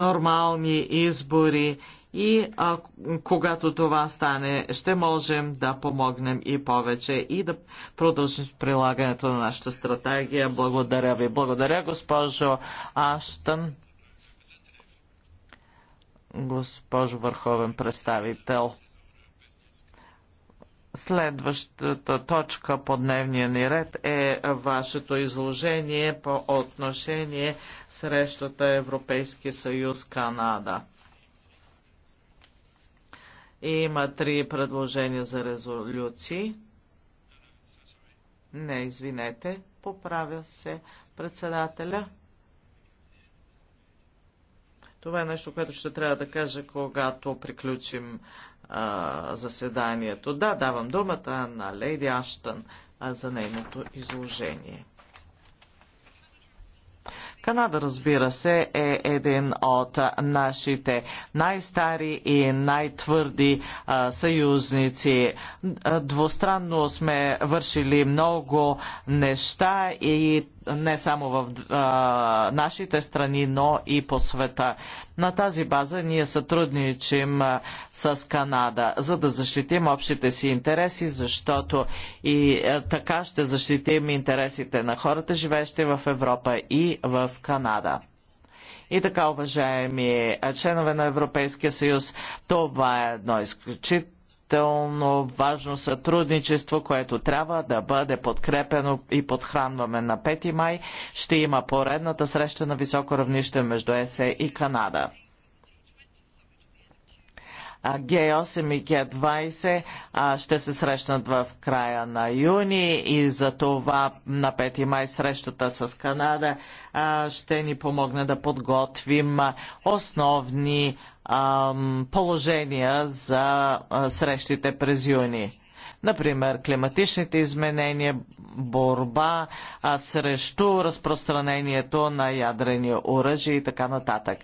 нормални избори и а, когато това стане, ще можем да помогнем и повече и да продължим прилагането на нашата стратегия. Благодаря ви. Благодаря, госпожо Аштън. Госпожо Върховен представител. Следващата точка по дневния ни ред е вашето изложение по отношение срещата Европейски съюз Канада. И има три предложения за резолюции. Не, извинете, поправя се председателя. Това е нещо, което ще трябва да кажа, когато приключим а, заседанието. Да, давам думата на Лейди Аштън а, за нейното изложение. Канада, разбира се, е един от нашите най-стари и най-твърди съюзници. Двустранно сме вършили много неща и не само в а, нашите страни, но и по света. На тази база ние сътрудничим а, с Канада, за да защитим общите си интереси, защото и а, така ще защитим интересите на хората, живеещи в Европа и в Канада. И така, уважаеми членове на Европейския съюз, това е едно изключително изключително важно сътрудничество, което трябва да бъде подкрепено и подхранваме. На 5 май ще има поредната среща на високо равнище между ЕСЕ и Канада. Г8 и Г20 ще се срещнат в края на юни и за това на 5 май срещата с Канада ще ни помогне да подготвим основни положения за срещите през юни например климатичните изменения, борба а, срещу разпространението на ядрени оръжия и така нататък.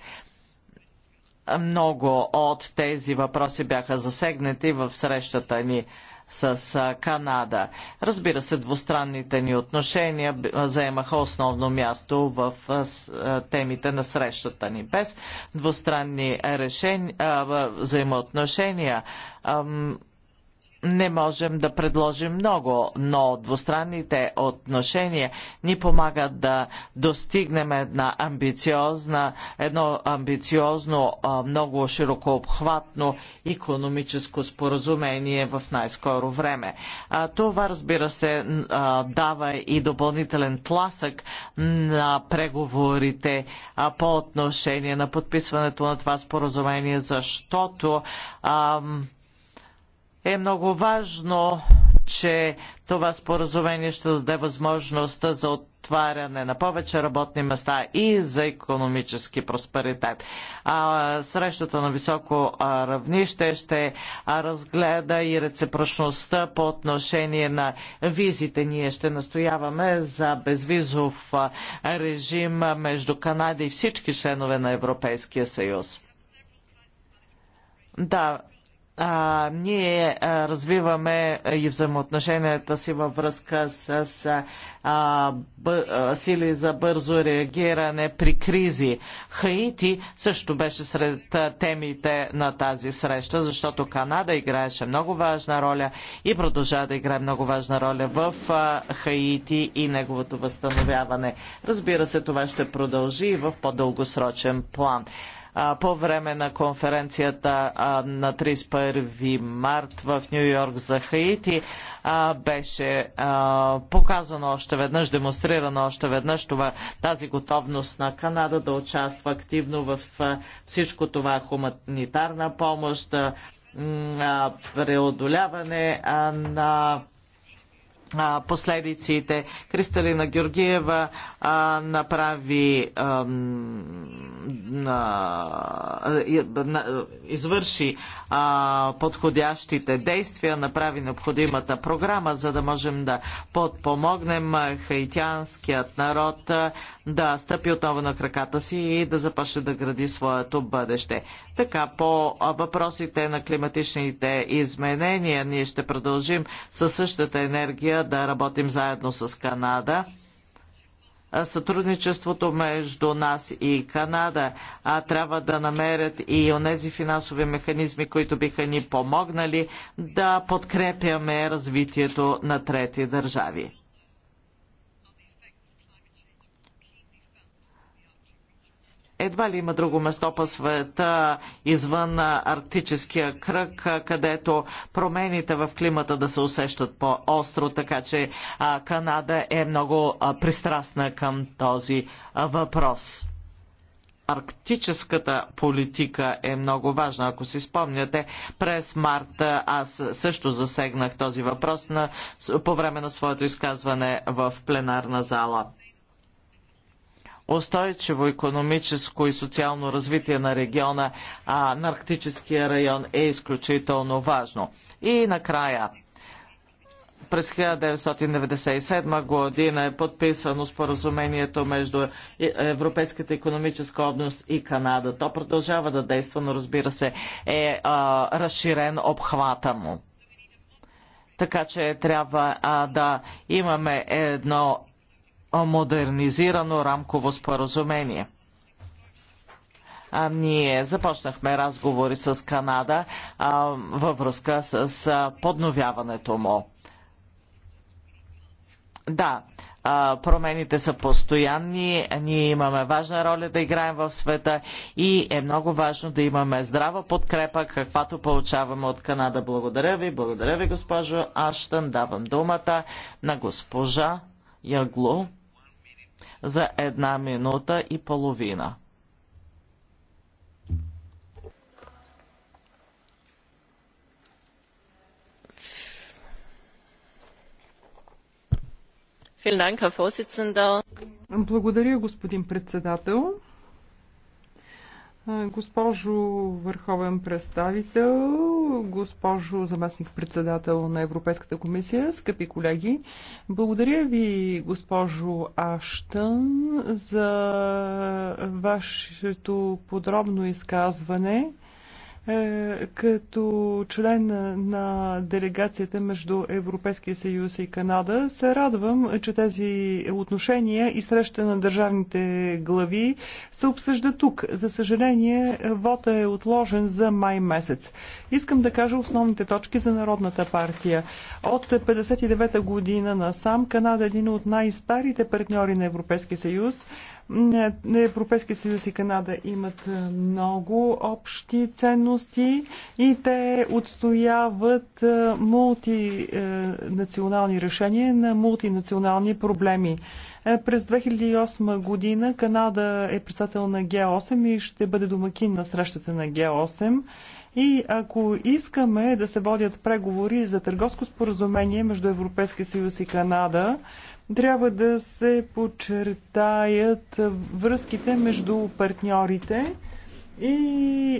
Много от тези въпроси бяха засегнати в срещата ни с Канада. Разбира се, двустранните ни отношения заемаха основно място в темите на срещата ни. Без двустранни решения, взаимоотношения не можем да предложим много, но двустранните отношения ни помагат да достигнем една амбициозна, едно амбициозно, много широкообхватно икономическо економическо споразумение в най-скоро време. Това, разбира се, дава и допълнителен тласък на преговорите по отношение на подписването на това споразумение, защото е много важно, че това споразумение ще даде възможност за отваряне на повече работни места и за економически просперитет. А, срещата на високо равнище ще разгледа и реципрочността по отношение на визите. Ние ще настояваме за безвизов режим между Канада и всички членове на Европейския съюз. Да, а, ние а, развиваме и взаимоотношенията си във връзка с а, бъ, а, сили за бързо реагиране при кризи. Хаити също беше сред а, темите на тази среща, защото Канада играеше много важна роля и продължава да играе много важна роля в а, Хаити и неговото възстановяване. Разбира се, това ще продължи и в по-дългосрочен план по време на конференцията на 31 март в Нью Йорк за Хаити беше показано още веднъж, демонстрирано още веднъж това, тази готовност на Канада да участва активно в всичко това хуманитарна помощ, преодоляване на последиците. Кристалина Георгиева а, направи а, а, извърши а, подходящите действия, направи необходимата програма, за да можем да подпомогнем хаитянският народ да стъпи отново на краката си и да започне да гради своето бъдеще. Така, по въпросите на климатичните изменения, ние ще продължим със същата енергия да работим заедно с Канада. Сътрудничеството между нас и Канада а трябва да намерят и онези финансови механизми, които биха ни помогнали да подкрепяме развитието на трети държави. Едва ли има друго место по света извън арктическия кръг, където промените в климата да се усещат по-остро, така че Канада е много пристрастна към този въпрос арктическата политика е много важна. Ако си спомняте, през март аз също засегнах този въпрос на, по време на своето изказване в пленарна зала устойчиво економическо и социално развитие на региона, а на Арктическия район е изключително важно. И накрая, през 1997 година е подписано споразумението между Европейската економическа област и Канада. То продължава да действа, но разбира се е а, разширен обхвата му. Така че трябва а, да имаме едно модернизирано рамково споразумение. А, ние започнахме разговори с Канада а, във връзка с с подновяването му. Да, промените са постоянни, ние имаме важна роля да играем в света и е много важно да имаме здрава подкрепа, каквато получаваме от Канада. Благодаря ви, благодаря ви, госпожо Аштън. Давам думата на госпожа Яглу за една минута и половина. Благодаря, господин председател. Госпожо върховен представител, госпожо заместник-председател на Европейската комисия, скъпи колеги, благодаря ви, госпожо Аштън, за вашето подробно изказване. Е, като член на делегацията между Европейския съюз и Канада. Се радвам, че тези отношения и среща на държавните глави се обсъжда тук. За съжаление, вота е отложен за май месец. Искам да кажа основните точки за Народната партия. От 59-та година насам Канада е един от най-старите партньори на Европейския съюз. Е, Европейския съюз и Канада имат е, много общи ценности и те отстояват е, мултинационални решения на мултинационални проблеми. През 2008 година Канада е председател на Г8 и ще бъде домакин на срещата на Г8. И ако искаме да се водят преговори за търговско споразумение между Европейския съюз и Канада, трябва да се подчертаят връзките между партньорите и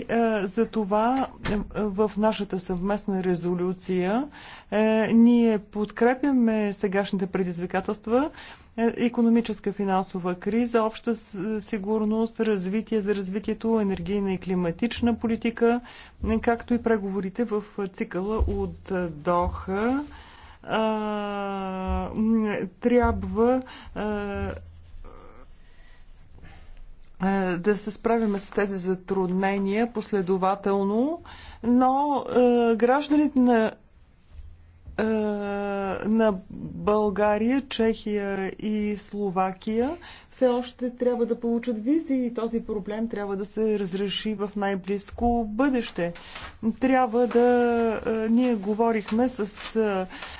е, за това е, в нашата съвместна резолюция е, ние подкрепяме сегашните предизвикателства, е, економическа финансова криза, обща сигурност, развитие за развитието, енергийна и климатична политика, е, както и преговорите в цикъла от Доха а, трябва а, да се справяме с тези затруднения последователно, но гражданите на е, на България, Чехия и Словакия все още трябва да получат визи и този проблем трябва да се разреши в най-близко бъдеще. Трябва да... Е, ние говорихме с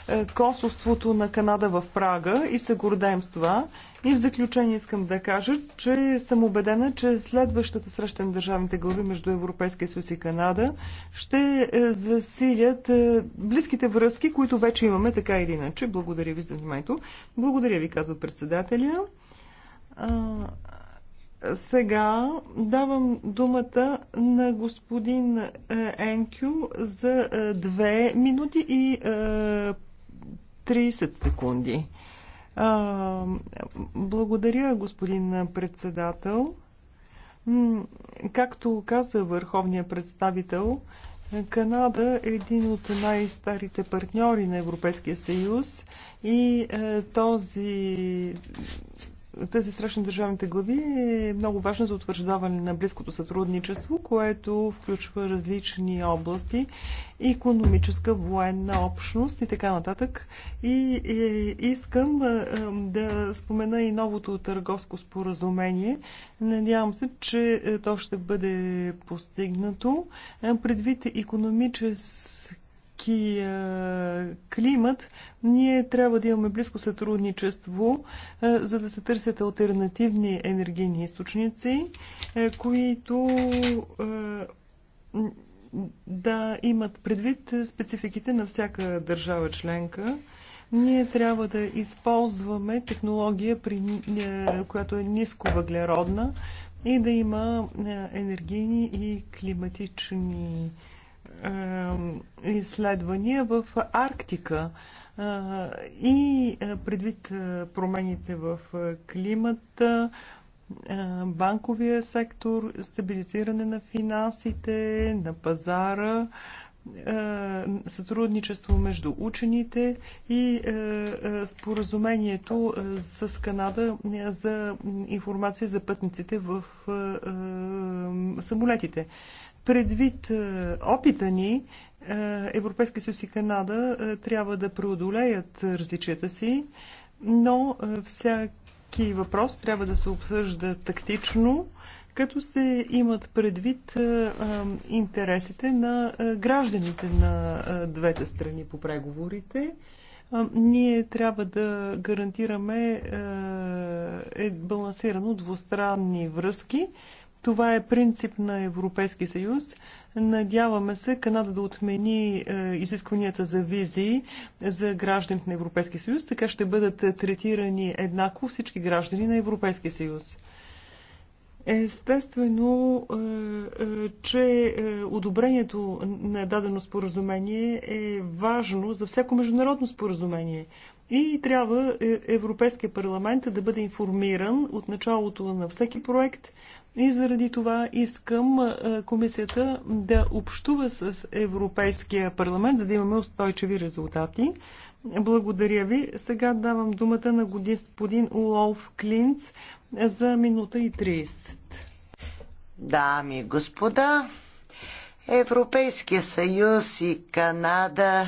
е, консулството на Канада в Прага и се гордаем с това. И в заключение искам да кажа, че съм убедена, че следващата среща на държавните глави между Европейския съюз и Канада ще е, засилят е, близките връзки, които вече имаме така или иначе. Благодаря ви за вниманието. Благодаря ви, казва председателя. Сега давам думата на господин е, Енкю за 2 минути и 30 секунди благодаря, господин председател. Както каза върховният представител, Канада е един от най-старите партньори на Европейския съюз и е, този тази среща на държавните глави е много важна за утвърждаване на близкото сътрудничество, което включва различни области, економическа, военна общност и така нататък. И, и искам да спомена и новото търговско споразумение. Надявам се, че е, то ще бъде постигнато. Предвид економически човешки климат, ние трябва да имаме близко сътрудничество, е, за да се търсят альтернативни енергийни източници, е, които е, да имат предвид спецификите на всяка държава членка. Ние трябва да използваме технология, при, която е ниско въглеродна и да има енергийни и климатични е, изследвания в Арктика и предвид промените в климата, банковия сектор, стабилизиране на финансите, на пазара, сътрудничество между учените и споразумението с Канада за информация за пътниците в самолетите. Предвид е, опита ни, е, Европейския съюз и Канада е, трябва да преодолеят различията си, но всяки въпрос трябва да се обсъжда тактично, като се имат предвид интересите на гражданите на двете страни по преговорите. Ние трябва да гарантираме балансирано двустранни връзки, това е принцип на Европейски съюз. Надяваме се Канада да отмени е, изискванията за визи за гражданите на Европейския съюз, така ще бъдат третирани еднакво всички граждани на Европейския съюз. Естествено, е, е, че е, одобрението на дадено споразумение е важно за всяко международно споразумение. И трябва Европейския парламент да бъде информиран от началото на всеки проект – и заради това искам комисията да общува с Европейския парламент, за да имаме устойчиви резултати. Благодаря ви. Сега давам думата на господин Улов Клинц за минута и 30. Дами и господа, Европейския съюз и Канада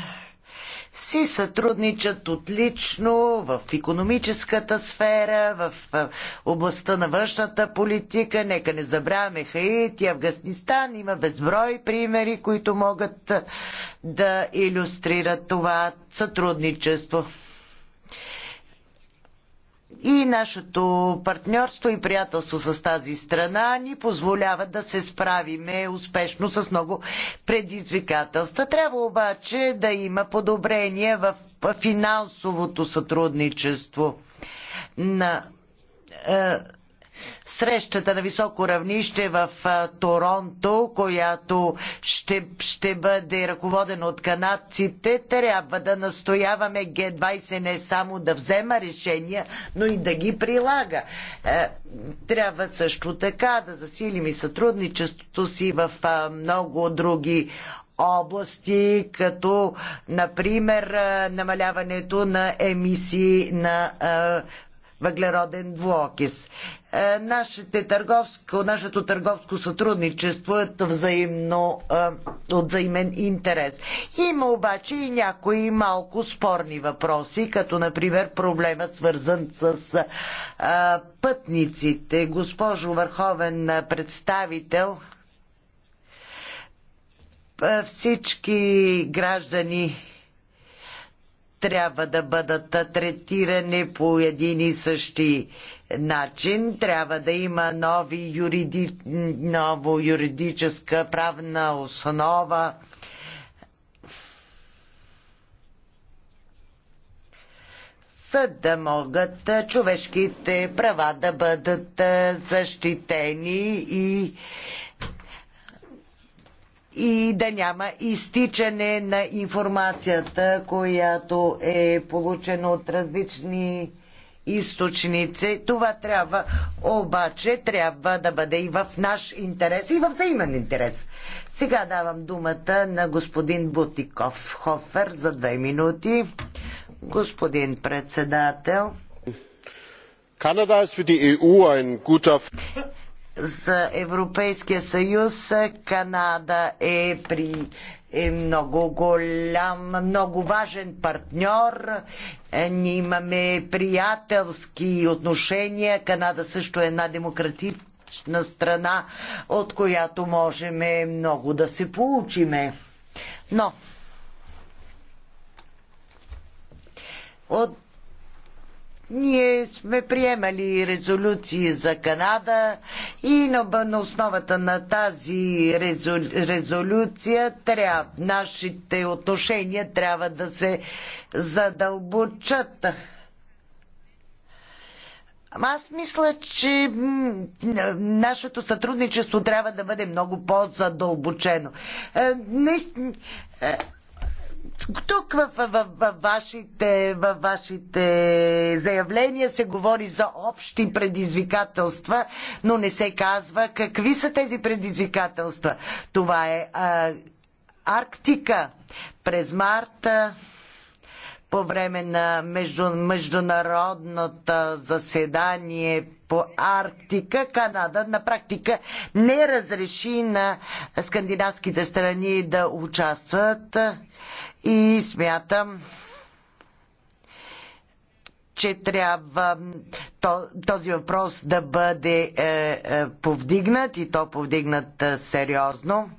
си сътрудничат отлично в економическата сфера, в областта на външната политика. Нека не забравяме Хаити, Афганистан. Има безброй примери, които могат да иллюстрират това сътрудничество и нашето партньорство и приятелство с тази страна ни позволяват да се справиме успешно с много предизвикателства. Трябва обаче да има подобрение в финансовото сътрудничество на е, срещата на високо равнище в Торонто, която ще, ще бъде ръководена от канадците, трябва да настояваме Г20 не само да взема решения, но и да ги прилага. Е, трябва също така да засилим и сътрудничеството си в много други области, като например намаляването на емисии на въглероден двуокис. Е, нашите търговско, нашето търговско сътрудничество е взаимно, е, от взаимен интерес. Има обаче и някои малко спорни въпроси, като например проблема свързан с е, пътниците. Госпожо Върховен представител, всички граждани трябва да бъдат третирани по един и същи начин. Трябва да има нови юриди... ново юридическа правна основа. за да могат човешките права да бъдат защитени и и да няма изтичане на информацията, която е получена от различни източници. Това трябва обаче трябва да бъде и в наш интерес, и в взаимен интерес. Сега давам думата на господин Бутиков Хофер за две минути. Господин председател. Канада е за ЕУ ein guter... Е за Европейския съюз Канада е при е много голям, много важен партньор. Е, ние имаме приятелски отношения. Канада също е една демократична страна, от която можем много да се получиме. Но от ние сме приемали резолюции за Канада и на, основата на тази резолюция трябва, нашите отношения трябва да се задълбочат. Аз мисля, че нашето сътрудничество трябва да бъде много по-задълбочено. Е, е, тук в, в, в, вашите, в вашите заявления се говори за общи предизвикателства, но не се казва какви са тези предизвикателства. Това е а, Арктика. През марта по време на между, международното заседание по Арктика, Канада на практика не разреши на скандинавските страни да участват и смятам, че трябва този въпрос да бъде е, е, повдигнат и то повдигнат е, сериозно.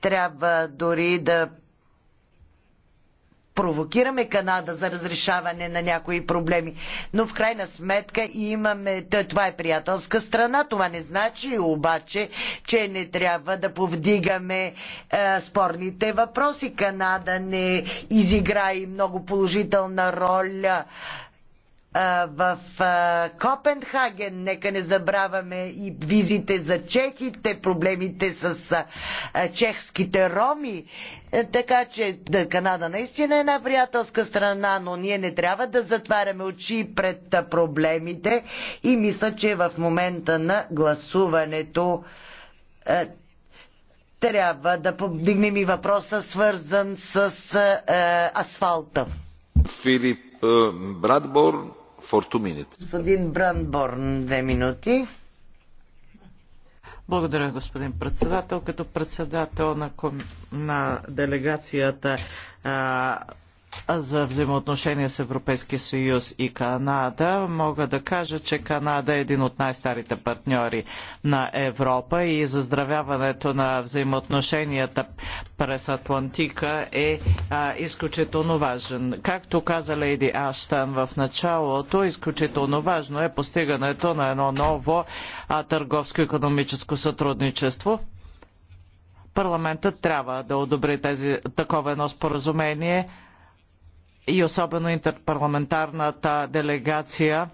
Трябва дори да провокираме Канада за разрешаване на някои проблеми. Но в крайна сметка имаме... Това е приятелска страна. Това не значи обаче, че не трябва да повдигаме е, спорните въпроси. Канада не изигра и много положителна роля в Копенхаген. Нека не забравяме и визите за чехите, проблемите с чехските роми. Е, така че Канада наистина е една приятелска страна, но ние не трябва да затваряме очи пред проблемите и мисля, че в момента на гласуването е, трябва да повдигнем и въпроса, свързан с е, асфалта. Филип Брадборн Господин Брандборн, две минути. Благодаря, господин председател. Като председател на, ком... на делегацията а, за взаимоотношения с Европейския съюз и Канада, мога да кажа, че Канада е един от най-старите партньори на Европа и заздравяването на взаимоотношенията през Атлантика е а, изключително важен. Както каза Лейди Аштан в началото, изключително важно е постигането на едно ново търговско-економическо сътрудничество парламентът трябва да одобри тези, такова едно споразумение и особено интерпарламентарната делегация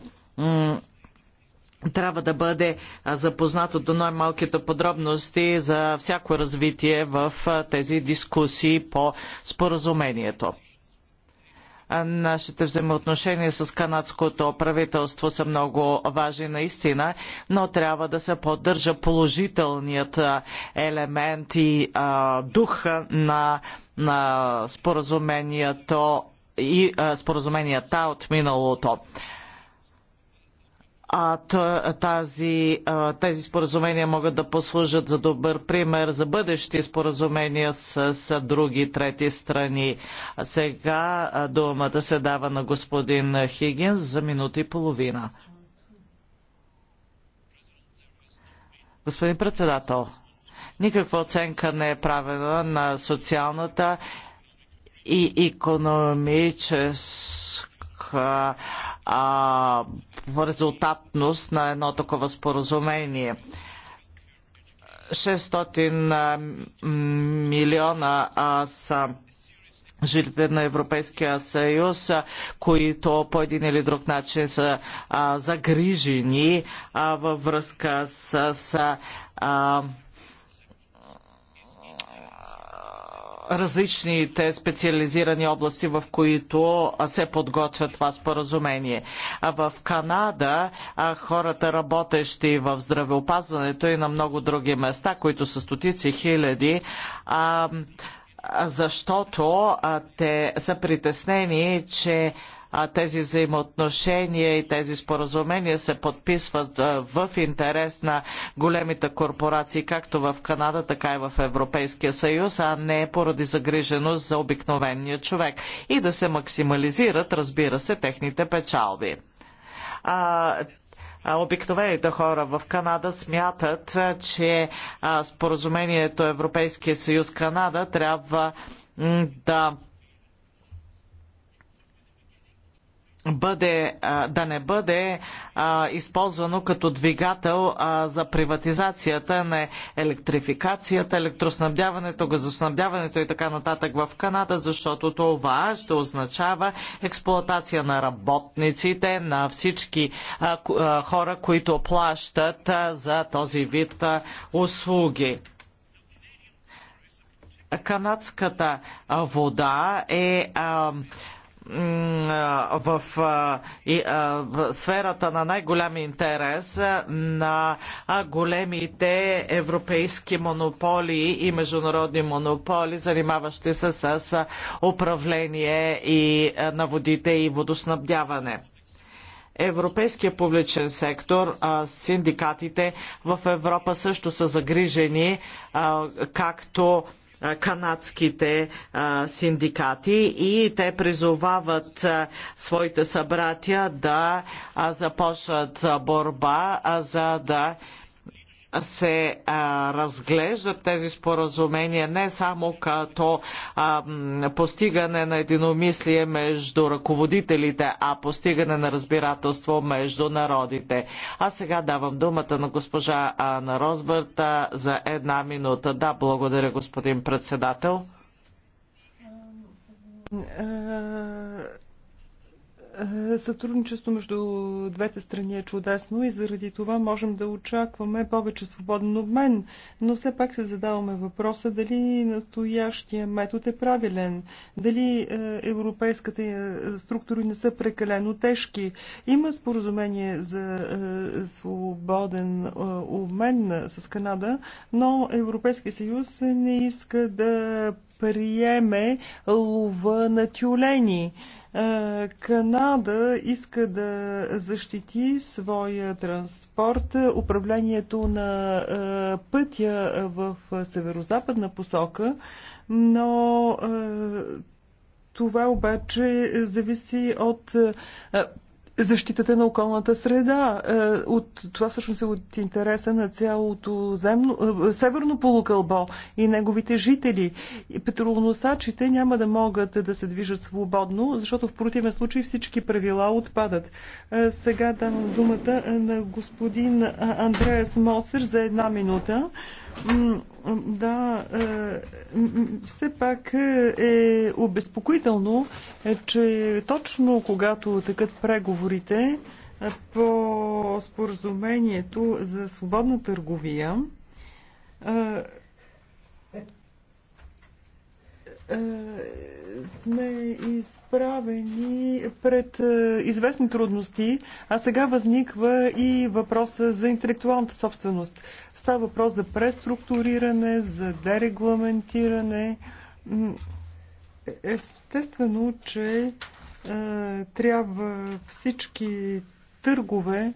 трябва да бъде запознато до най-малките подробности за всяко развитие в тези дискусии по споразумението. Нашите взаимоотношения с канадското правителство са много важни наистина, но трябва да се поддържа положителният елемент и дух на, на споразумението и споразуменията от миналото. А тази, тези споразумения могат да послужат за добър пример за бъдещи споразумения с, с други трети страни. А сега думата се дава на господин Хигинс за минута и половина. Господин председател, никаква оценка не е правена на социалната и економическа а, резултатност на едно такова споразумение. 600 милиона а, са жителите на Европейския съюз, които по един или друг начин са а, загрижени а, във връзка с. А, различните специализирани области, в които се подготвя това споразумение. А в Канада а хората, работещи в здравеопазването и на много други места, които са стотици хиляди, а, защото а, те са притеснени, че а тези взаимоотношения и тези споразумения се подписват в интерес на големите корпорации, както в Канада, така и в Европейския съюз, а не поради загриженост за обикновения човек. И да се максимализират, разбира се, техните печалби. А, обикновените хора в Канада смятат, че споразумението Европейския съюз Канада трябва да бъде, да не бъде а, използвано като двигател а, за приватизацията на електрификацията, електроснабдяването, газоснабдяването и така нататък в Канада, защото това ще означава експлоатация на работниците, на всички а, хора, които плащат за този вид услуги канадската вода е а, в сферата на най-голям интерес на големите европейски монополи и международни монополи, занимаващи се с управление и на водите и водоснабдяване. Европейския публичен сектор, синдикатите в Европа също са загрижени, както канадските синдикати и те призовават своите събратя да започнат борба, за да се а, разглеждат тези споразумения не само като а, постигане на единомислие между ръководителите, а постигане на разбирателство между народите. А сега давам думата на госпожа Анна Розбърта за една минута. Да, благодаря, господин председател. Сътрудничество между двете страни е чудесно и заради това можем да очакваме повече свободен обмен, но все пак се задаваме въпроса дали настоящия метод е правилен, дали е, европейските структури не са прекалено тежки. Има споразумение за е, свободен е, обмен с Канада, но Европейския съюз не иска да приеме лова на тюлени. Е, Канада иска да защити своя транспорт, управлението на е, пътя в северо-западна посока, но е, това обаче зависи от защитата на околната среда. Е, от, това всъщност е от интереса на цялото земно, е, северно полукълбо и неговите жители. Петролоносачите няма да могат да се движат свободно, защото в противен случай всички правила отпадат. Е, сега давам думата на господин Андреас Мосер за една минута. Да, е, все пак е, е обезпокоително, е, че точно когато тъкат преговорите по споразумението за свободна търговия, е, сме изправени пред е, известни трудности, а сега възниква и въпроса за интелектуалната собственост. Става въпрос за преструктуриране, за дерегламентиране. Естествено, че е, трябва всички търгове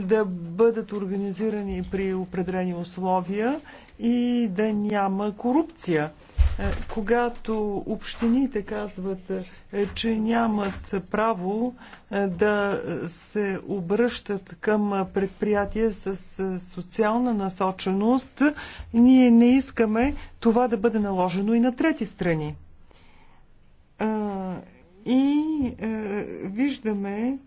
да бъдат организирани при определени условия и да няма корупция когато общините казват, е, че нямат право е, да се обръщат към предприятия с е, социална насоченост, ние не искаме това да бъде наложено и на трети страни. И виждаме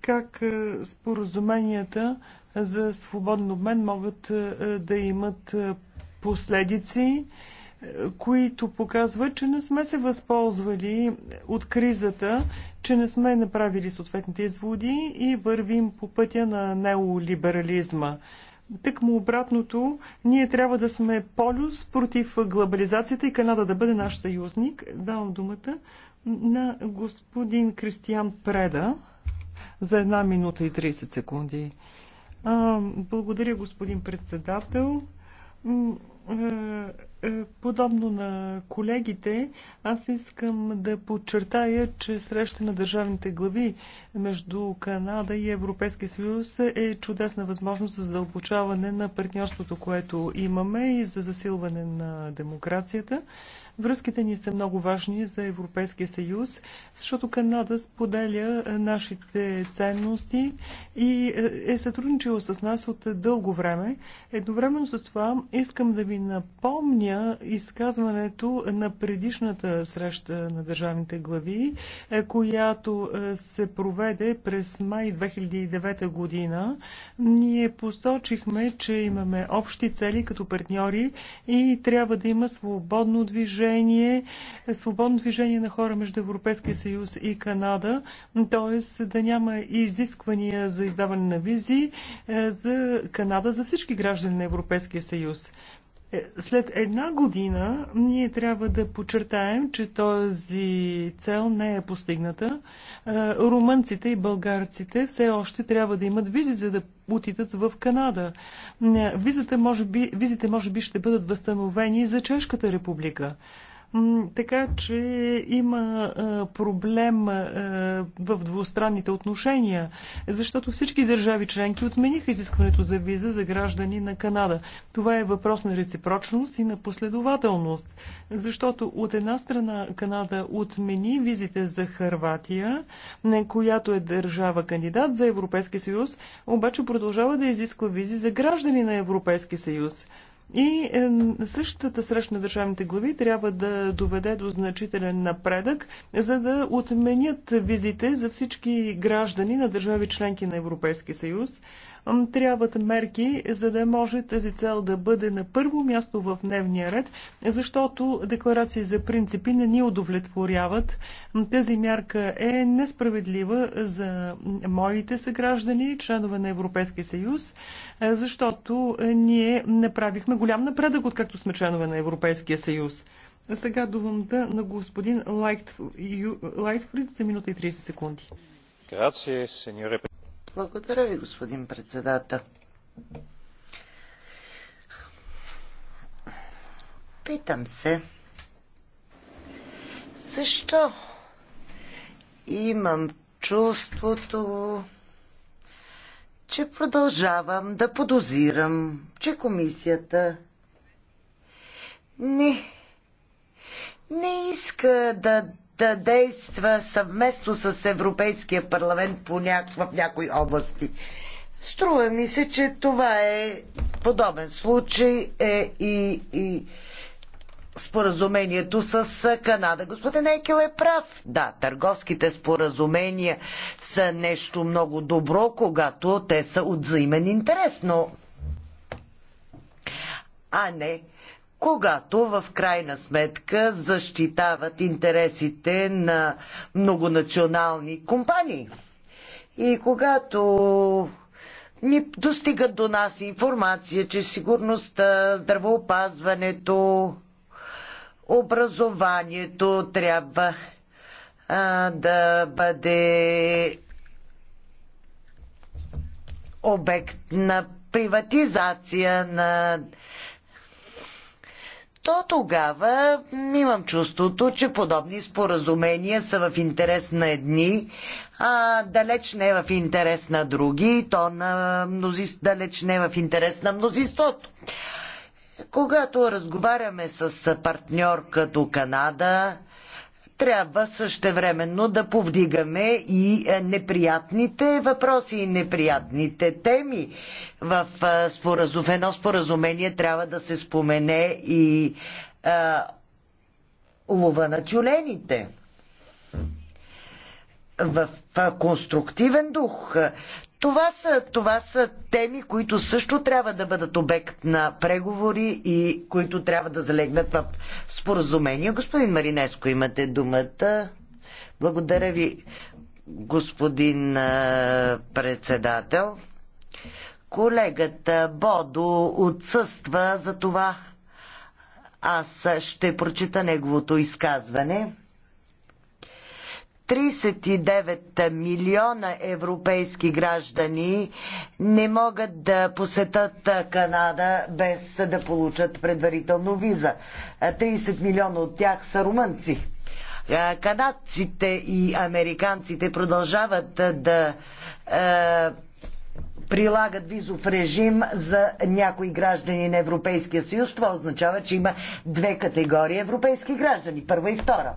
как споразуменията за свободен обмен могат да имат последици които показват, че не сме се възползвали от кризата, че не сме направили съответните изводи и вървим по пътя на неолиберализма. Тък му обратното, ние трябва да сме полюс против глобализацията и Канада да бъде наш съюзник. Давам думата на господин Кристиян Преда за една минута и 30 секунди. благодаря, господин председател. Е, е, подобно на колегите, аз искам да подчертая, че среща на държавните глави между Канада и Европейския съюз е чудесна възможност за задълбочаване на партньорството, което имаме и за засилване на демокрацията. Връзките ни са много важни за Европейския съюз, защото Канада споделя нашите ценности и е, е сътрудничила с нас от дълго време. Едновременно с това искам да ви ви напомня изказването на предишната среща на държавните глави, е, която е, се проведе през май 2009 година. Ние посочихме, че имаме общи цели като партньори и трябва да има свободно движение, свободно движение на хора между Европейския съюз и Канада, т.е. да няма изисквания за издаване на визи е, за Канада за всички граждани на Европейския съюз. Е, след една година ние трябва да подчертаем, че този цел не е постигната. Е, румънците и българците все още трябва да имат визи, за да отидат в Канада. Е, визите може би, визите може би ще бъдат възстановени за Чешката република. Така че има проблем в двустранните отношения, защото всички държави членки отмениха изискването за виза за граждани на Канада. Това е въпрос на реципрочност и на последователност, защото от една страна Канада отмени визите за Харватия, която е държава кандидат за Европейския съюз, обаче продължава да изисква визи за граждани на Европейския съюз. И е, същата среща на държавните глави трябва да доведе до значителен напредък, за да отменят визите за всички граждани на държави членки на Европейския съюз трябват мерки, за да може тази цел да бъде на първо място в дневния ред, защото декларации за принципи не ни удовлетворяват. Тази мярка е несправедлива за моите съграждани, членове на Европейския съюз, защото ние направихме голям напредък, откакто сме членове на Европейския съюз. Сега думата на господин Лайтфрид за минута и 30 секунди. Грация, сеньоре благодаря ви, господин председател. Питам се, защо имам чувството, че продължавам да подозирам, че комисията не, не иска да да действа съвместно с Европейския парламент в някои области. Струва ми се, че това е подобен случай е и, и споразумението с Канада. Господин Екил е прав. Да, търговските споразумения са нещо много добро, когато те са от взаимен интерес, но... А не, когато в крайна сметка защитават интересите на многонационални компании. И когато ни достигат до нас информация, че сигурността, здравеопазването, образованието трябва а, да бъде обект на приватизация на то тогава имам чувството, че подобни споразумения са в интерес на едни, а далеч не в интерес на други, то на мнози... далеч не в интерес на мнозинството. Когато разговаряме с партньор като Канада, трябва същевременно да повдигаме и е, неприятните въпроси и неприятните теми. В, е, в едно споразумение трябва да се спомене и а, е, лова на тюлените в конструктивен дух. Това са, това са теми, които също трябва да бъдат обект на преговори и които трябва да залегнат в споразумение. Господин Маринеско, имате думата. Благодаря ви, господин председател. Колегата Бодо отсъства, за това аз ще прочита неговото изказване. 39 милиона европейски граждани не могат да посетат Канада без да получат предварително виза. 30 милиона от тях са румънци. Канадците и американците продължават да прилагат визов режим за някои граждани на Европейския съюз. Това означава, че има две категории европейски граждани. Първа и втора.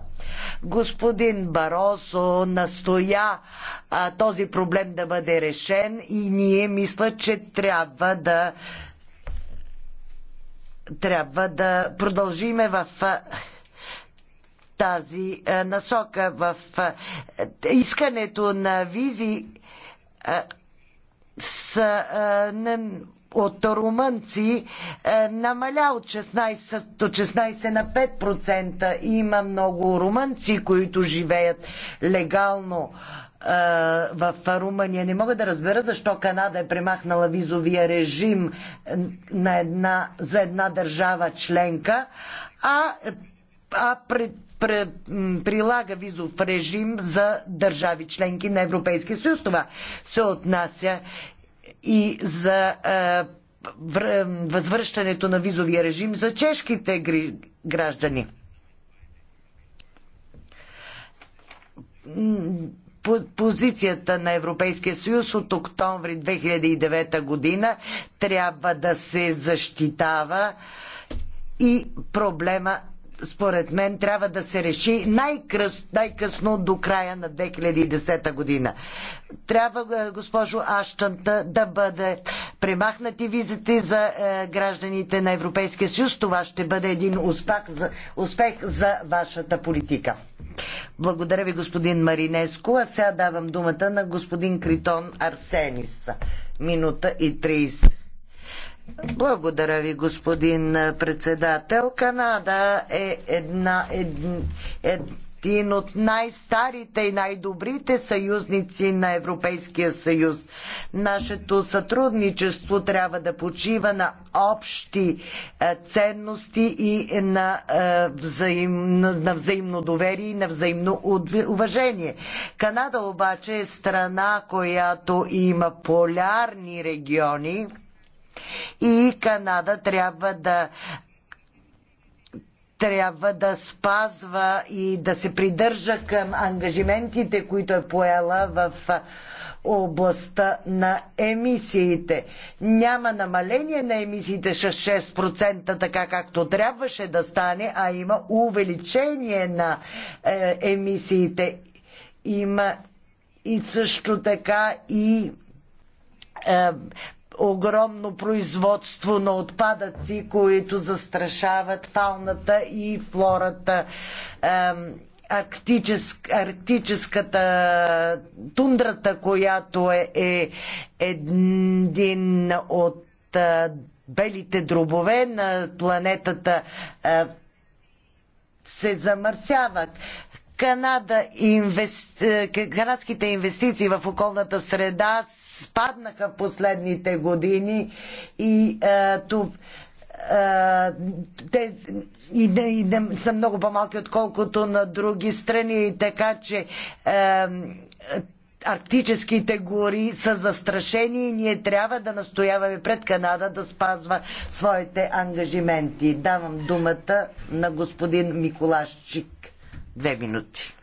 Господин Баросо настоя а, този проблем да бъде решен и ние мисля, че трябва да трябва да продължиме в тази насока в искането на визи а, не, от румънци е, намаля от 16, до 16 на 5%. Има много румънци, които живеят легално е, в Румъния. Не мога да разбера защо Канада е премахнала визовия режим на една, за една държава членка, а, а пред прилага визов режим за държави членки на Европейския съюз. Това се отнася и за е, е, възвръщането на визовия режим за чешките граждани. позицията на Европейския съюз от октомври 2009 година трябва да се защитава и проблема според мен, трябва да се реши най-късно най до края на 2010 година. Трябва, е, госпожо Ащанта да бъде премахнати визите за е, гражданите на Европейския съюз. Това ще бъде един успех за, успех за вашата политика. Благодаря ви, господин Маринеско. А сега давам думата на господин Критон Арсенис. Минута и 30. Благодаря ви, господин председател. Канада е една, ед, един от най-старите и най-добрите съюзници на Европейския съюз. Нашето сътрудничество трябва да почива на общи е, ценности и на, е, на, на взаимно доверие и на взаимно уважение. Канада обаче е страна, която има полярни региони и Канада трябва да трябва да спазва и да се придържа към ангажиментите, които е поела в областта на емисиите. Няма намаление на емисиите с 6%, така както трябваше да стане, а има увеличение на е, емисиите. Има и също така и е, огромно производство на отпадъци, които застрашават фауната и флората. Арктическ, арктическата тундрата, която е, е един от е, белите дробове на планетата, е, се замърсяват. Канада, инвести... Е, канадските инвестиции в околната среда спаднаха в последните години и а, е, тук е, те и не, и не, са много по-малки, отколкото на други страни, така че е, арктическите гори са застрашени и ние трябва да настояваме пред Канада да спазва своите ангажименти. Давам думата на господин Миколашчик. Две минути.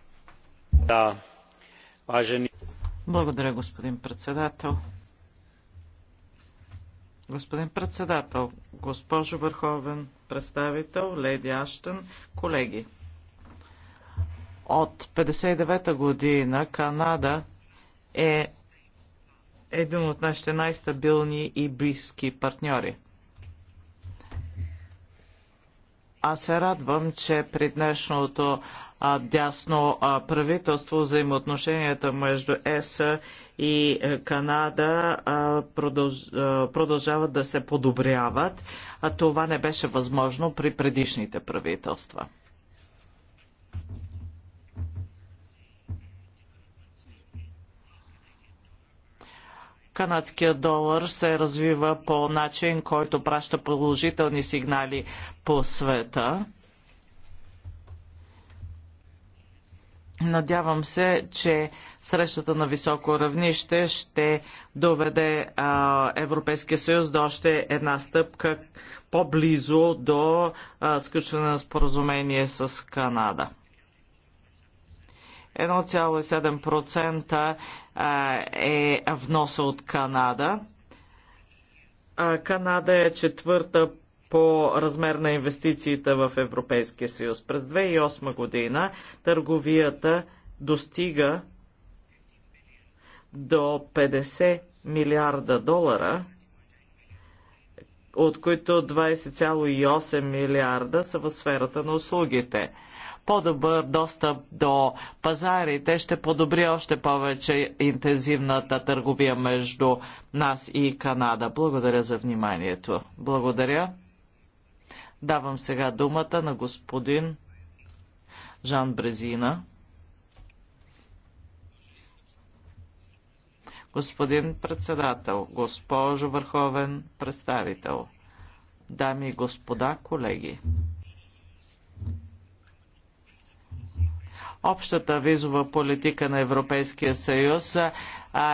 Да, важен благодаря, господин председател. Господин председател, госпожо Върховен представител, леди Аштън, колеги. От 59-та година Канада е един от нашите най-стабилни и близки партньори. аз се радвам, че при днешното а, дясно а, правителство взаимоотношенията между ЕС и е, Канада продълж, продължават да се подобряват, а това не беше възможно при предишните правителства. канадския долар се развива по начин, който праща положителни сигнали по света. Надявам се, че срещата на високо равнище ще доведе а, Европейския съюз до още една стъпка по-близо до а, сключване на споразумение с Канада. 1,7% е вноса от Канада. Канада е четвърта по размер на инвестициите в Европейския съюз. През 2008 година търговията достига до 50 милиарда долара, от които 20,8 милиарда са в сферата на услугите по-добър достъп до пазарите ще подобри още повече интензивната търговия между нас и Канада. Благодаря за вниманието. Благодаря. Давам сега думата на господин Жан Брезина. Господин председател, госпожо върховен представител, дами и господа, колеги. общата визова политика на Европейския съюз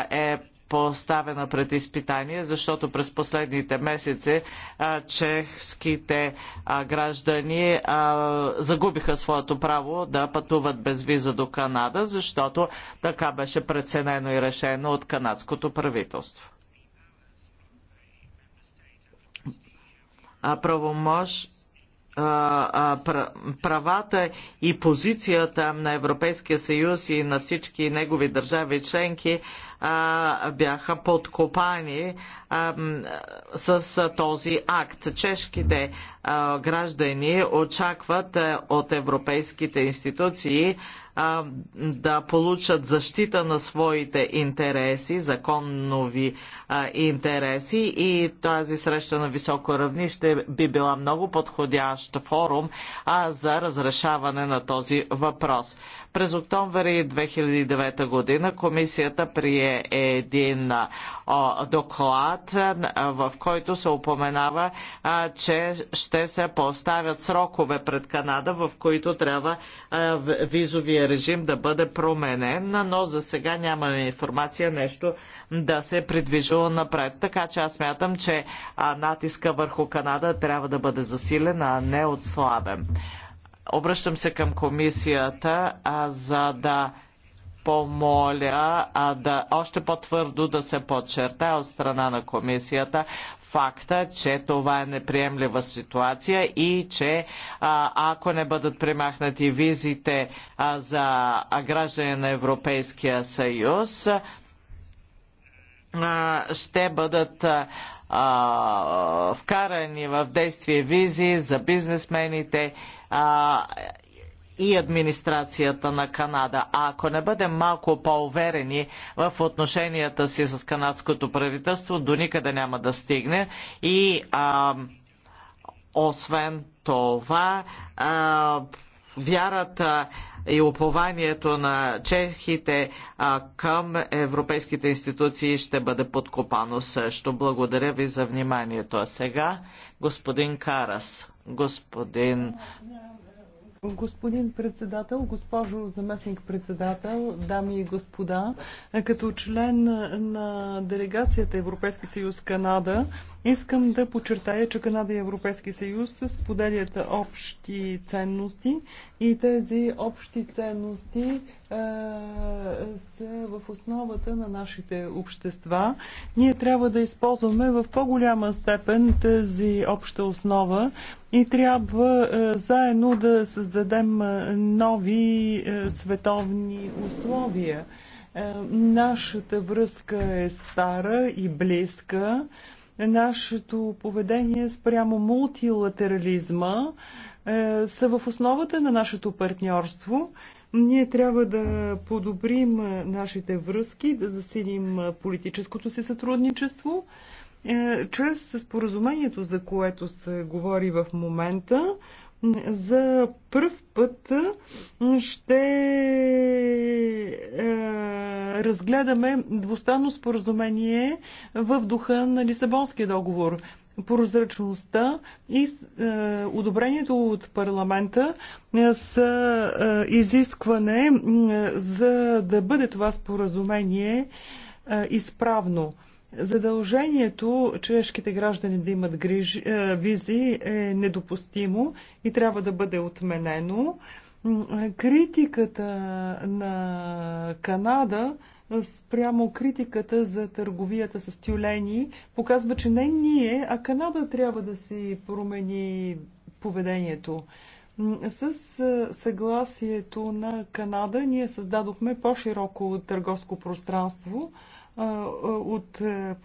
е поставена пред изпитание, защото през последните месеци а, чехските а, граждани а, загубиха своето право да пътуват без виза до Канада, защото така беше преценено и решено от канадското правителство. А правомощ правата и позицията на Европейския съюз и на всички негови държави членки бяха подкопани с този акт. Чешките граждани очакват от европейските институции а, да получат защита на своите интереси, законови а, интереси и тази среща на високо равнище би била много подходящ форум а, за разрешаване на този въпрос. През октомври 2009 година комисията прие един доклад, в който се упоменава, че ще се поставят срокове пред Канада, в които трябва визовия режим да бъде променен, но за сега нямаме информация нещо да се е придвижва напред. Така че аз мятам, че натиска върху Канада трябва да бъде засилен, а не отслабен. Обръщам се към комисията, за да помоля а да още по-твърдо да се подчертая от страна на комисията факта, че това е неприемлива ситуация и че а, ако не бъдат примахнати визите а, за граждане на Европейския съюз, а, ще бъдат вкарани в действие визи за бизнесмените и администрацията на Канада. А ако не бъдем малко по-уверени в отношенията си с канадското правителство, до никъде няма да стигне. И а, освен това, а, вярата и упованието на чехите а, към европейските институции ще бъде подкопано също. Благодаря ви за вниманието. А сега господин Карас, господин Господин председател, госпожо заместник председател, дами и господа, като член на делегацията Европейски съюз Канада, Искам да подчертая, че Канада и Европейски съюз споделят общи ценности и тези общи ценности е, са в основата на нашите общества. Ние трябва да използваме в по-голяма степен тази обща основа и трябва е, заедно да създадем е, нови е, световни условия. Е, нашата връзка е стара и близка. Е, нашето поведение спрямо мултилатерализма е, са в основата на нашето партньорство. Ние трябва да подобрим е, нашите връзки, да засилим е, политическото си сътрудничество. Е, чрез споразумението, за което се говори в момента, за първ път ще е, разгледаме двустранно споразумение в духа на Лисабонския договор. Прозрачността и е, одобрението от парламента са е, изискване е, за да бъде това споразумение е, изправно. Задължението чешките граждани да имат грижи, е, визи е недопустимо и трябва да бъде отменено. Критиката на Канада спрямо критиката за търговията с тюлени показва, че не ние, а Канада трябва да си промени поведението. С съгласието на Канада ние създадохме по-широко търговско пространство, от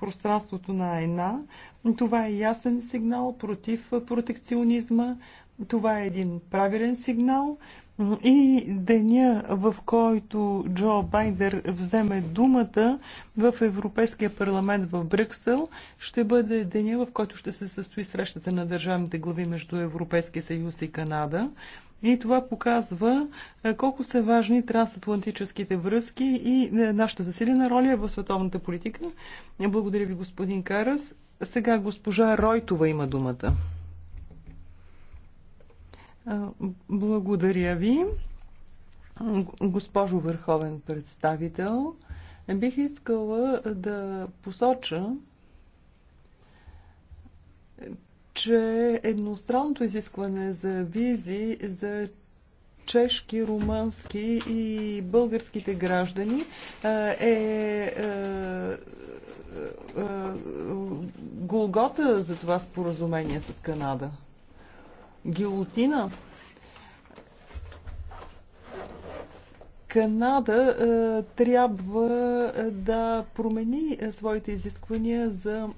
пространството на една. Това е ясен сигнал против протекционизма. Това е един правилен сигнал. И деня, в който Джо Байдер вземе думата в Европейския парламент в Брюксел, ще бъде деня, в който ще се състои срещата на държавните глави между Европейския съюз и Канада. И това показва е, колко са важни трансатлантическите връзки и е, нашата засилена роля в световната политика. Благодаря ви, господин Карас. Сега госпожа Ройтова има думата. Е, благодаря ви, госпожо Върховен представител. Бих искала да посоча, че едностранното изискване за визи за чешки, румънски и българските граждани е голгота за това споразумение с Канада. Гилотина. Канада е, трябва да промени своите изисквания за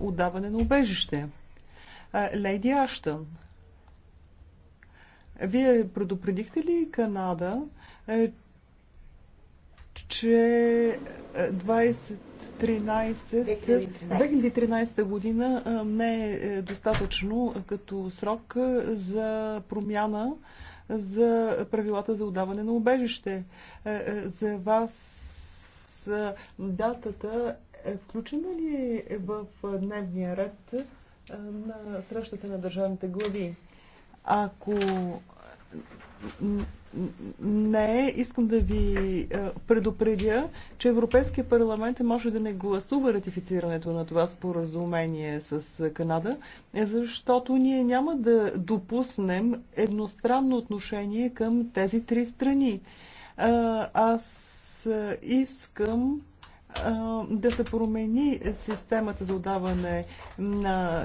отдаване на убежище. Леди Аштън, вие предупредихте ли Канада, е, че 2013, е, 2013. година е, не е достатъчно като срок за промяна за правилата за отдаване на убежище. За вас датата е включена ли в дневния ред на срещата на държавните глави. Ако не, искам да ви предупредя, че Европейския парламент може да не гласува ратифицирането на това споразумение с Канада, защото ние няма да допуснем едностранно отношение към тези три страни. Аз искам да се промени системата за отдаване на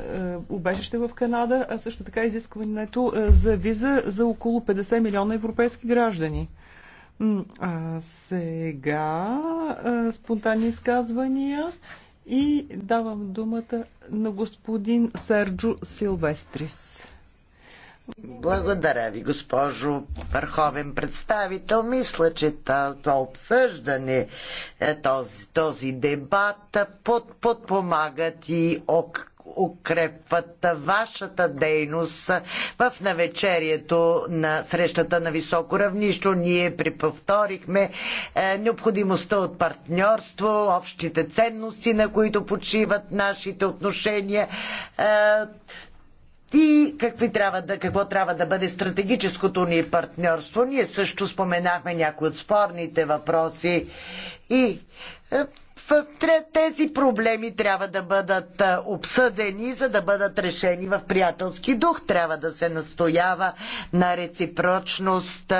убежище в Канада, а също така изискването за виза за около 50 милиона европейски граждани. А сега спонтанни изказвания и давам думата на господин Серджо Силвестрис. Благодаря ви, госпожо Върховен представител. Мисля, че това обсъждане, е, този, този дебат под, подпомагат и ок, укрепват вашата дейност в навечерието на срещата на високо равнище. Ние приповторихме е, необходимостта от партньорство, общите ценности, на които почиват нашите отношения. Е, и какви трябва да, какво трябва да бъде стратегическото ни партньорство. Ние също споменахме някои от спорните въпроси и е, в тези проблеми трябва да бъдат обсъдени, за да бъдат решени в приятелски дух. Трябва да се настоява на реципрочност е,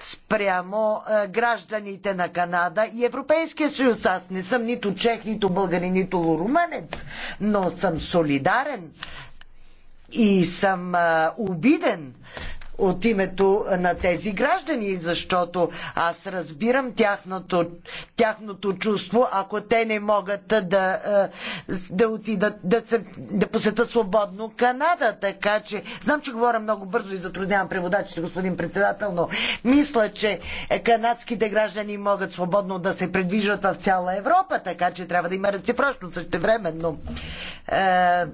спрямо е, гражданите на Канада и Европейския съюз. Аз не съм нито чех, нито българин, нито румънец, но съм солидарен и съм е, обиден от името на тези граждани, защото аз разбирам тяхното, тяхното чувство, ако те не могат да, е, да отидат, да, да посетят свободно Канада. Така че, знам, че говоря много бързо и затруднявам преводачите, господин председател, но мисля, че канадските граждани могат свободно да се предвижват в цяла Европа, така че трябва да има реципрочно но Е,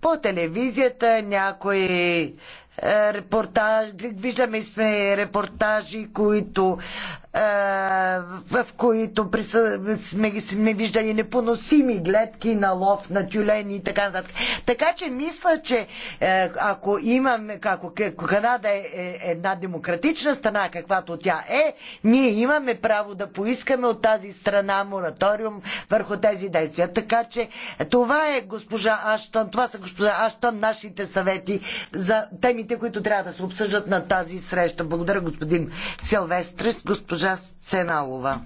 по телевизията някои е, репортажи, виждаме сме репортажи, които в които сме, сме виждали непоносими гледки на лов, на тюлени и така нататък. Така че мисля, че е, ако имаме, ако Канада е, е една демократична страна, каквато тя е, ние имаме право да поискаме от тази страна мораториум върху тези действия. Така че това е госпожа Аштън, това са госпожа Аштън, нашите съвети за темите, които трябва да се обсъждат на тази среща. Благодаря господин Силвестрис, госпожа госпожа Сценалова.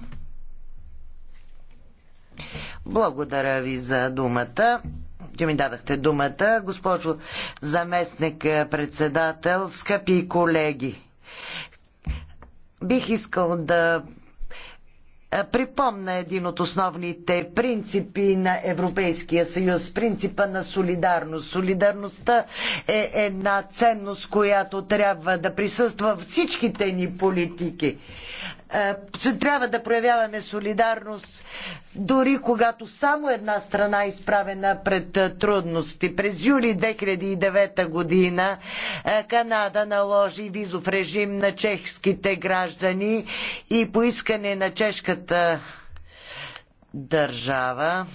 Благодаря ви за думата. Ти ми дадахте думата, госпожо заместник е, председател, скъпи колеги. Бих искал да е, припомна един от основните принципи на Европейския съюз, принципа на солидарност. Солидарността е една ценност, която трябва да присъства във всичките ни политики. Е, трябва да проявяваме солидарност дори когато само една страна е изправена пред е, трудности. През юли 2009 година е, Канада наложи визов режим на чехските граждани и по искане на чешката държава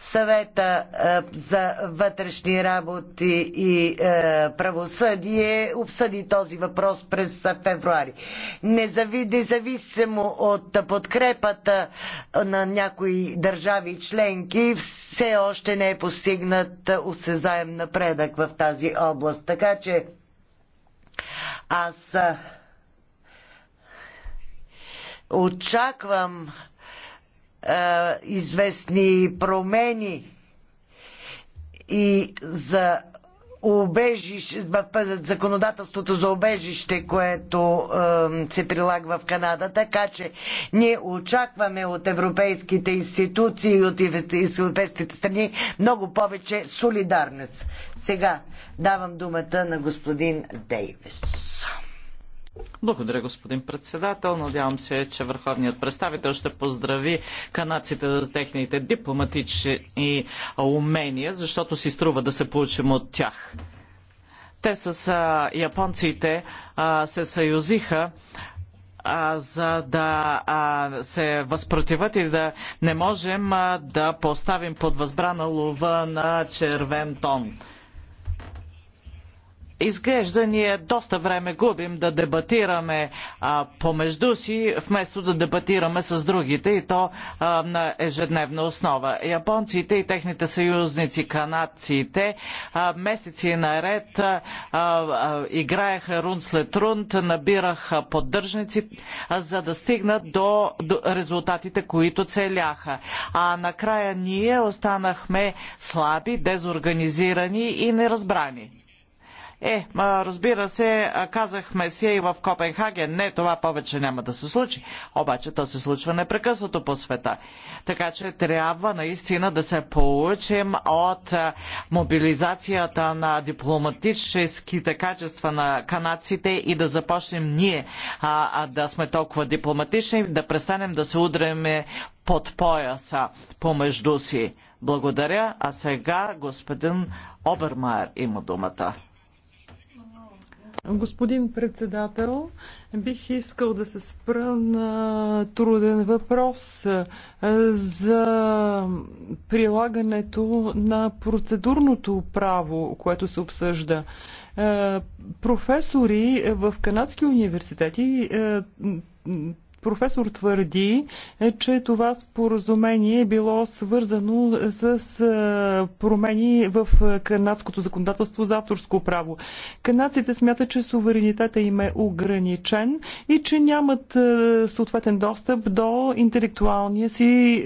Съвета е, за вътрешни работи и е, правосъдие обсъди този въпрос през февруари. Независимо от подкрепата на някои държави членки, все още не е постигнат осезаем напредък в тази област. Така че аз е, очаквам а, е, известни промени и за законодателството за обежище, което е, се прилага в Канада. Така че ние очакваме от европейските институции и от европейските страни много повече солидарност. Сега давам думата на господин Дейвис. Благодаря, господин председател. Надявам се, че върховният представител ще поздрави канадците за техните дипломатични умения, защото си струва да се получим от тях. Те с а, японците а, се съюзиха за да се възпротиват и да не можем да поставим под възбрана лова на червен тон. Изглежда ние доста време губим да дебатираме а, помежду си, вместо да дебатираме с другите и то а, на ежедневна основа. Японците и техните съюзници, канадците, а, месеци наред а, а, играеха рун след рунд, набираха поддържници, а, за да стигнат до, до резултатите, които целяха. А накрая ние останахме слаби, дезорганизирани и неразбрани. Е, разбира се, казахме си и в Копенхаген, не, това повече няма да се случи. Обаче то се случва непрекъснато по света. Така че трябва наистина да се получим от мобилизацията на дипломатическите качества на канадците и да започнем ние а, а да сме толкова дипломатични, да престанем да се удреме под пояса помежду си. Благодаря, а сега господин Обермайер има думата. Господин председател, бих искал да се спра на труден въпрос за прилагането на процедурното право, което се обсъжда. Професори в канадски университети професор твърди, е, че това споразумение е било свързано с е, промени в е, канадското законодателство за авторско право. Канадците смятат, че суверенитета им е ограничен и че нямат съответен достъп до интелектуалния си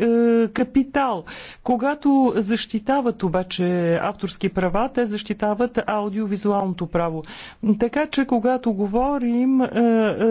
капитал. Когато защитават обаче авторски права, те защитават аудиовизуалното право. Така че когато говорим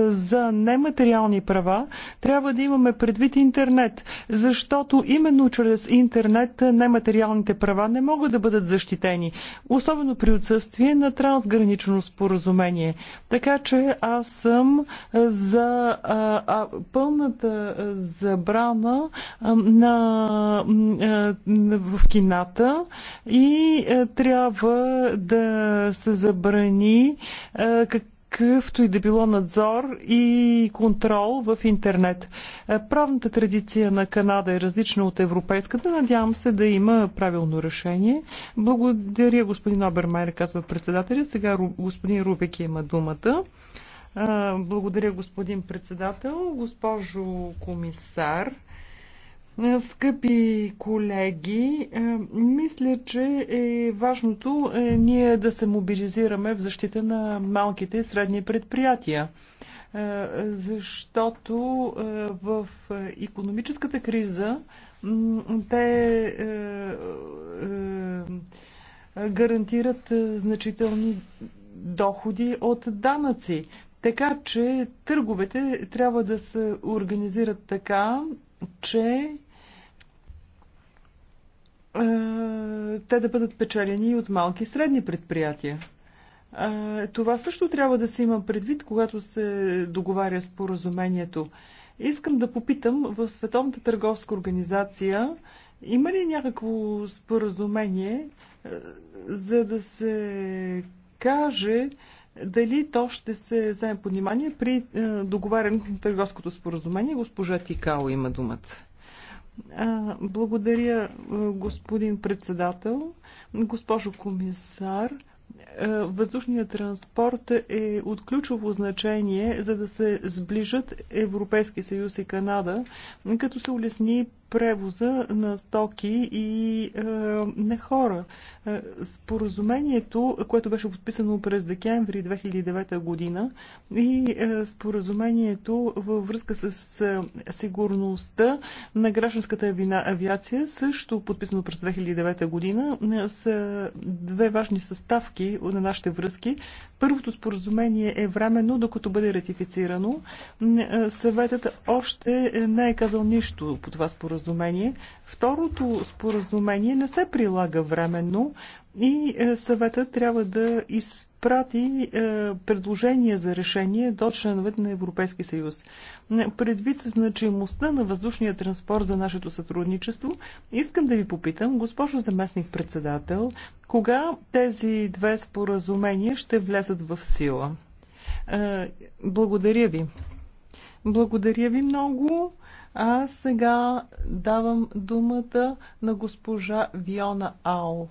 за нематериални права, това, трябва да имаме предвид интернет, защото именно чрез интернет нематериалните права не могат да бъдат защитени, особено при отсъствие на трансгранично споразумение. Така че аз съм за а, а, пълната забрана а, на, а, в кината и а, трябва да се забрани а, как какъвто и да било надзор и контрол в интернет. Е, правната традиция на Канада е различна от европейската. Надявам се да има правилно решение. Благодаря, господин Обермайер, казва председателя. Сега господин Рубек има думата. Е, благодаря, господин председател, госпожо комисар. Е, скъпи колеги, е, мисля, че е важното е, ние да се мобилизираме в защита на малките и средни предприятия защото в економическата криза те гарантират значителни доходи от данъци. Така че търговете трябва да се организират така, че е, те да бъдат печелени от малки и средни предприятия. Е, това също трябва да се има предвид, когато се договаря споразумението. Искам да попитам в Световната търговска организация има ли някакво споразумение, е, за да се каже, дали то ще се вземе под внимание при е, договарянето на търговското споразумение? Госпожа Тикао има думата. Благодаря, е, господин председател, госпожо комисар. Е, въздушният транспорт е от ключово значение, за да се сближат Европейски съюз и Канада, като се улесни превоза на стоки и е, на хора. Е, споразумението, което беше подписано през декември 2009 година и е, споразумението във връзка с е, сигурността на гражданската авиация, също подписано през 2009 година, е, са две важни съставки на нашите връзки. Първото споразумение е временно, докато бъде ратифицирано. Е, съветът още не е казал нищо по това споразумение споразумение. Второто споразумение не се прилага временно и е, съвета трябва да изпрати е, предложение за решение до членовете на Европейски съюз. Предвид значимостта на въздушния транспорт за нашето сътрудничество, искам да ви попитам, госпожо заместник председател, кога тези две споразумения ще влезат в сила? Е, благодаря ви. Благодаря ви много. А сега давам думата на госпожа Виона Ао.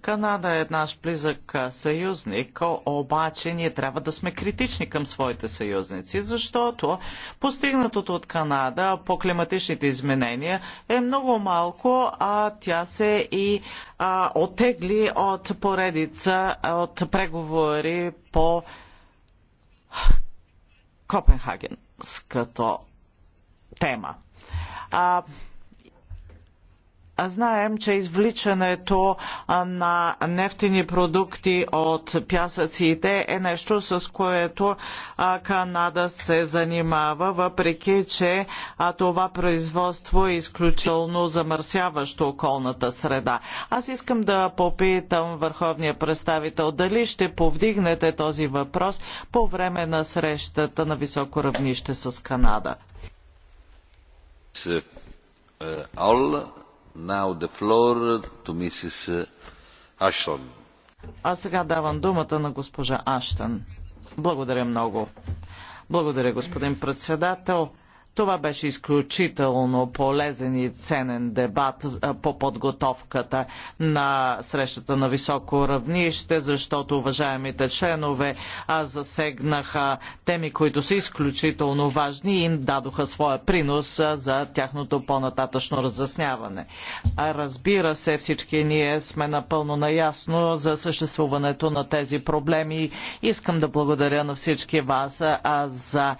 Канада е наш близък съюзник, обаче ние трябва да сме критични към своите съюзници, защото постигнатото от Канада по климатичните изменения е много малко, а тя се и а, отегли от поредица от преговори по Копенхаген като тема. А, Знаем, че извличането на нефтени продукти от пясъците е нещо, с което Канада се занимава, въпреки че това производство е изключително замърсяващо околната среда. Аз искам да попитам върховния представител дали ще повдигнете този въпрос по време на срещата на високо равнище с Канада. All е, е, Now uh, А сега давам думата на госпожа Аштън. Благодаря много. Благодаря, господин председател. Това беше изключително полезен и ценен дебат по подготовката на срещата на високо равнище, защото уважаемите членове засегнаха теми, които са изключително важни и дадоха своя принос за тяхното по-нататъчно разясняване. Разбира се, всички ние сме напълно наясно за съществуването на тези проблеми. Искам да благодаря на всички вас за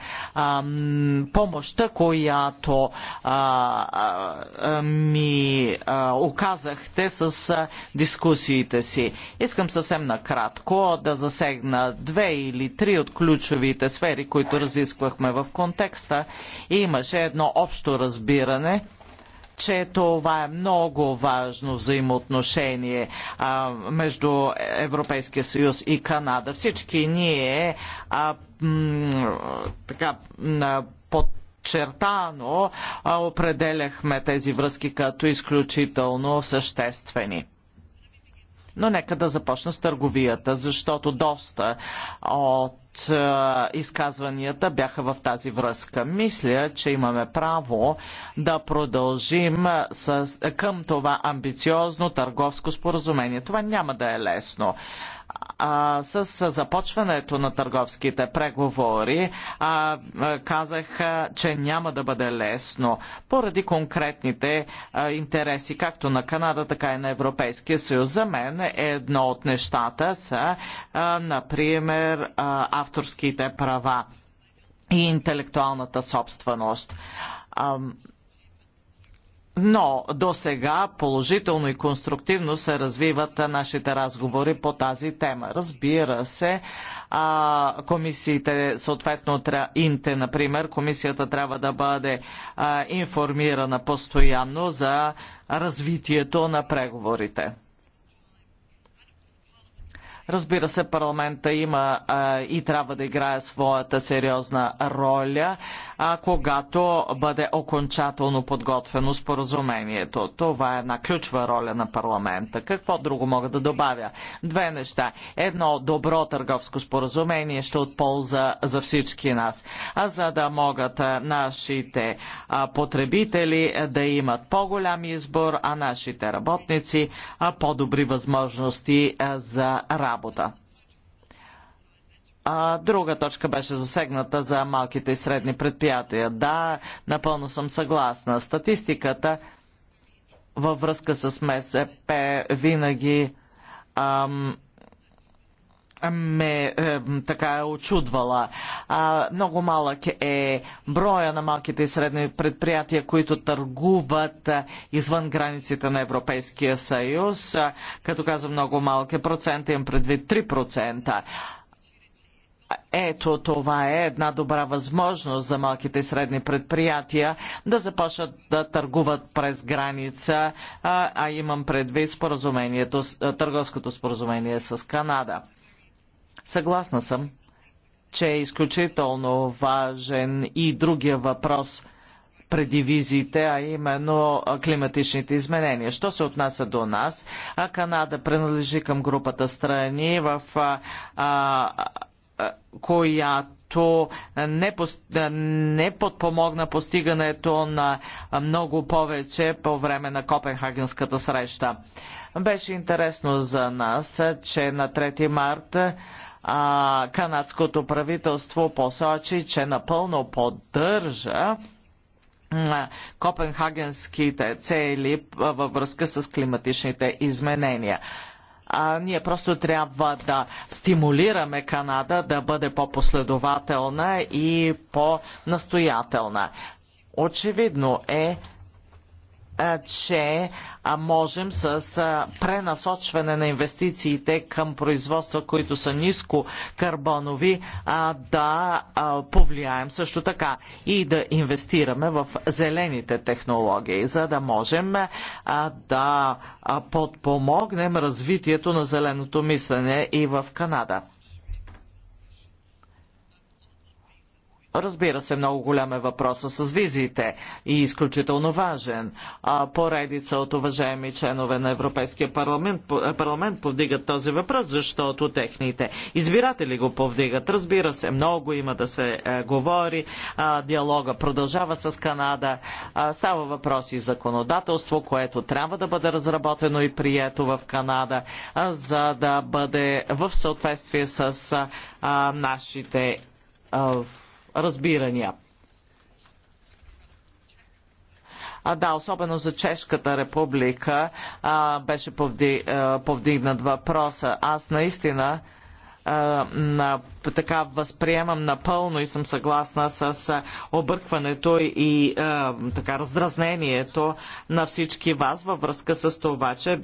помощта, помощта, която а, а, ми а, оказахте с а, дискусиите си. Искам съвсем накратко да засегна две или три от ключовите сфери, които разисквахме в контекста. И имаше едно общо разбиране че това е много важно взаимоотношение а, между Европейския съюз и Канада. Всички ние а, м, така, а, под подчертано определяхме тези връзки като изключително съществени. Но нека да започна с търговията, защото доста от изказванията бяха в тази връзка. Мисля, че имаме право да продължим с, към това амбициозно търговско споразумение. Това няма да е лесно а, с, започването на търговските преговори а, че няма да бъде лесно поради конкретните а, интереси както на Канада, така и на Европейския съюз. За мен едно от нещата са, а, например, а, авторските права и интелектуалната собственост. А, но до сега положително и конструктивно се развиват нашите разговори по тази тема. Разбира се, а, комисиите, съответно Инте, например, комисията трябва да бъде а, информирана постоянно за развитието на преговорите. Разбира се, парламента има а, и трябва да играе своята сериозна роля, а, когато бъде окончателно подготвено споразумението. Това е една ключва роля на парламента. Какво друго мога да добавя? Две неща. Едно добро търговско споразумение ще от полза за всички нас. А за да могат нашите а, потребители да имат по-голям избор, а нашите работници а, по-добри възможности а, за работа работа. А, друга точка беше засегната за малките и средни предприятия. Да, напълно съм съгласна. Статистиката във връзка с МСП винаги ам, ме е, така е очудвала. А, много малък е броя на малките и средни предприятия, които търгуват а, е, извън границите на Европейския съюз. А, е, като казвам много малък е процент, имам предвид 3%. Ето това е една добра възможност за малките и средни предприятия да започнат да търгуват през граница, а, а имам предвид споразумението, е, търговското споразумение с Канада. Съгласна съм, че е изключително важен и другия въпрос преди визите, а именно климатичните изменения. Що се отнася до нас, а Канада принадлежи към групата страни, в а, а, която не, не подпомогна постигането на много повече по време на Копенхагенската среща. Беше интересно за нас, че на 3 марта а, канадското правителство посочи, че напълно поддържа копенхагенските цели във връзка с климатичните изменения. А, ние просто трябва да стимулираме Канада да бъде по-последователна и по-настоятелна. Очевидно е, че можем с пренасочване на инвестициите към производства, които са ниско карбонови, да повлияем също така и да инвестираме в зелените технологии, за да можем да подпомогнем развитието на зеленото мислене и в Канада. Разбира се, много голям е въпроса с визиите и изключително важен. А, поредица от уважаеми членове на Европейския парламент, е, парламент повдигат този въпрос, защото техните избиратели го повдигат. Разбира се, много има да се е, говори. А, диалога продължава с Канада. А, става въпрос и законодателство, което трябва да бъде разработено и прието в Канада, а, за да бъде в съответствие с а, нашите а, разбирания. А, да, особено за Чешката република а, беше повди, а, повдигнат въпроса. Аз наистина на, така възприемам напълно и съм съгласна с объркването и а, така раздразнението на всички вас във връзка с това, че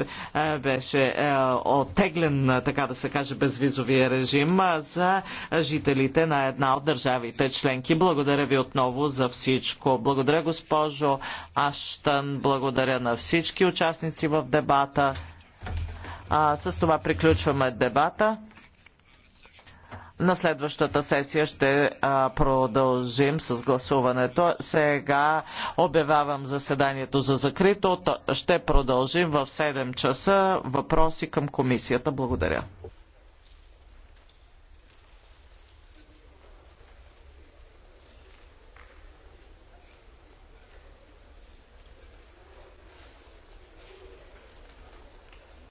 беше а, оттеглен, така да се каже, безвизовия режим за жителите на една от държавите членки. Благодаря ви отново за всичко. Благодаря, госпожо Аштън. Благодаря на всички участници в дебата. А, с това приключваме дебата. На следващата сесия ще а, продължим с гласуването. Сега обявявам заседанието за закрито. Ще продължим в 7 часа. Въпроси към комисията. Благодаря.